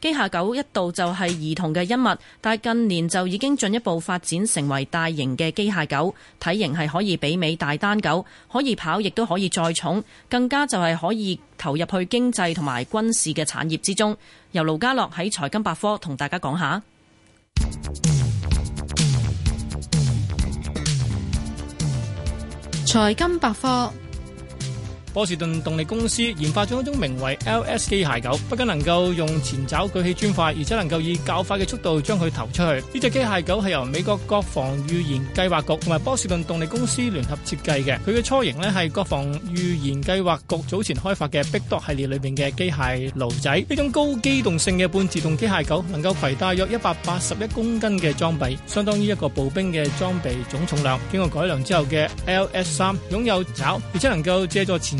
機械狗一度就係兒童嘅恩物，但係近年就已經進一步發展成為大型嘅機械狗，體型係可以媲美大丹狗，可以跑，亦都可以載重，更加就係可以投入去經濟同埋軍事嘅產業之中。由盧家樂喺財金百科同大家講下財金百科。波士頓動力公司研發咗一種名為 LS 機械狗，不僅能夠用前爪舉起磚塊，而且能夠以較快嘅速度將佢投出去。呢隻機械狗係由美國國防預研計劃局同埋波士頓動力公司聯合設計嘅。佢嘅雛型呢係國防預研計劃局早前開發嘅 Big Dog 系列裏面嘅機械騾仔，呢種高機動性嘅半自動機械狗，能夠攜帶約一百八十一公斤嘅裝備，相當於一個步兵嘅裝備總重量。經過改良之後嘅 LS 三擁有爪，而且能夠借助前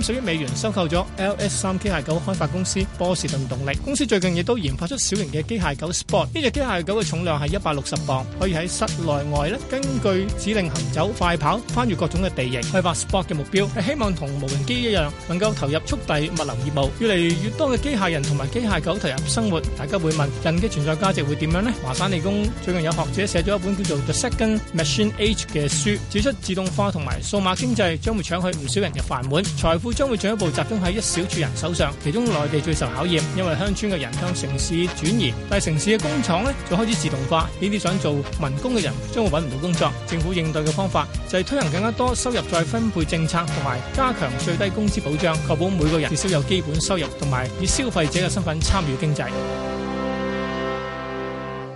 十億美元收購咗 LS3 機械狗開發公司波士頓動力公司最近亦都研發出小型嘅機械狗 Spot，呢隻機械狗嘅重量係一百六十磅，可以喺室內外咧根據指令行走、快跑、翻越各種嘅地形開發 Spot 嘅目標，係希望同無人機一樣能夠投入速遞物流業務。越嚟越多嘅機械人同埋機械狗投入生活，大家會問人嘅存在價值會點樣呢？華山理工最近有學者寫咗一本叫做《The Second Machine Age》嘅書，指出自動化同埋數碼經濟將會搶去唔少人嘅飯碗，財富。將會進一步集中喺一小撮人手上，其中內地最受考驗，因為鄉村嘅人向城市轉移，但係城市嘅工廠呢，就開始自動化，呢啲想做民工嘅人將會揾唔到工作。政府應對嘅方法就係推行更加多收入再分配政策，同埋加強最低工資保障，確保每個人至少有基本收入，同埋以消費者嘅身份參與經濟。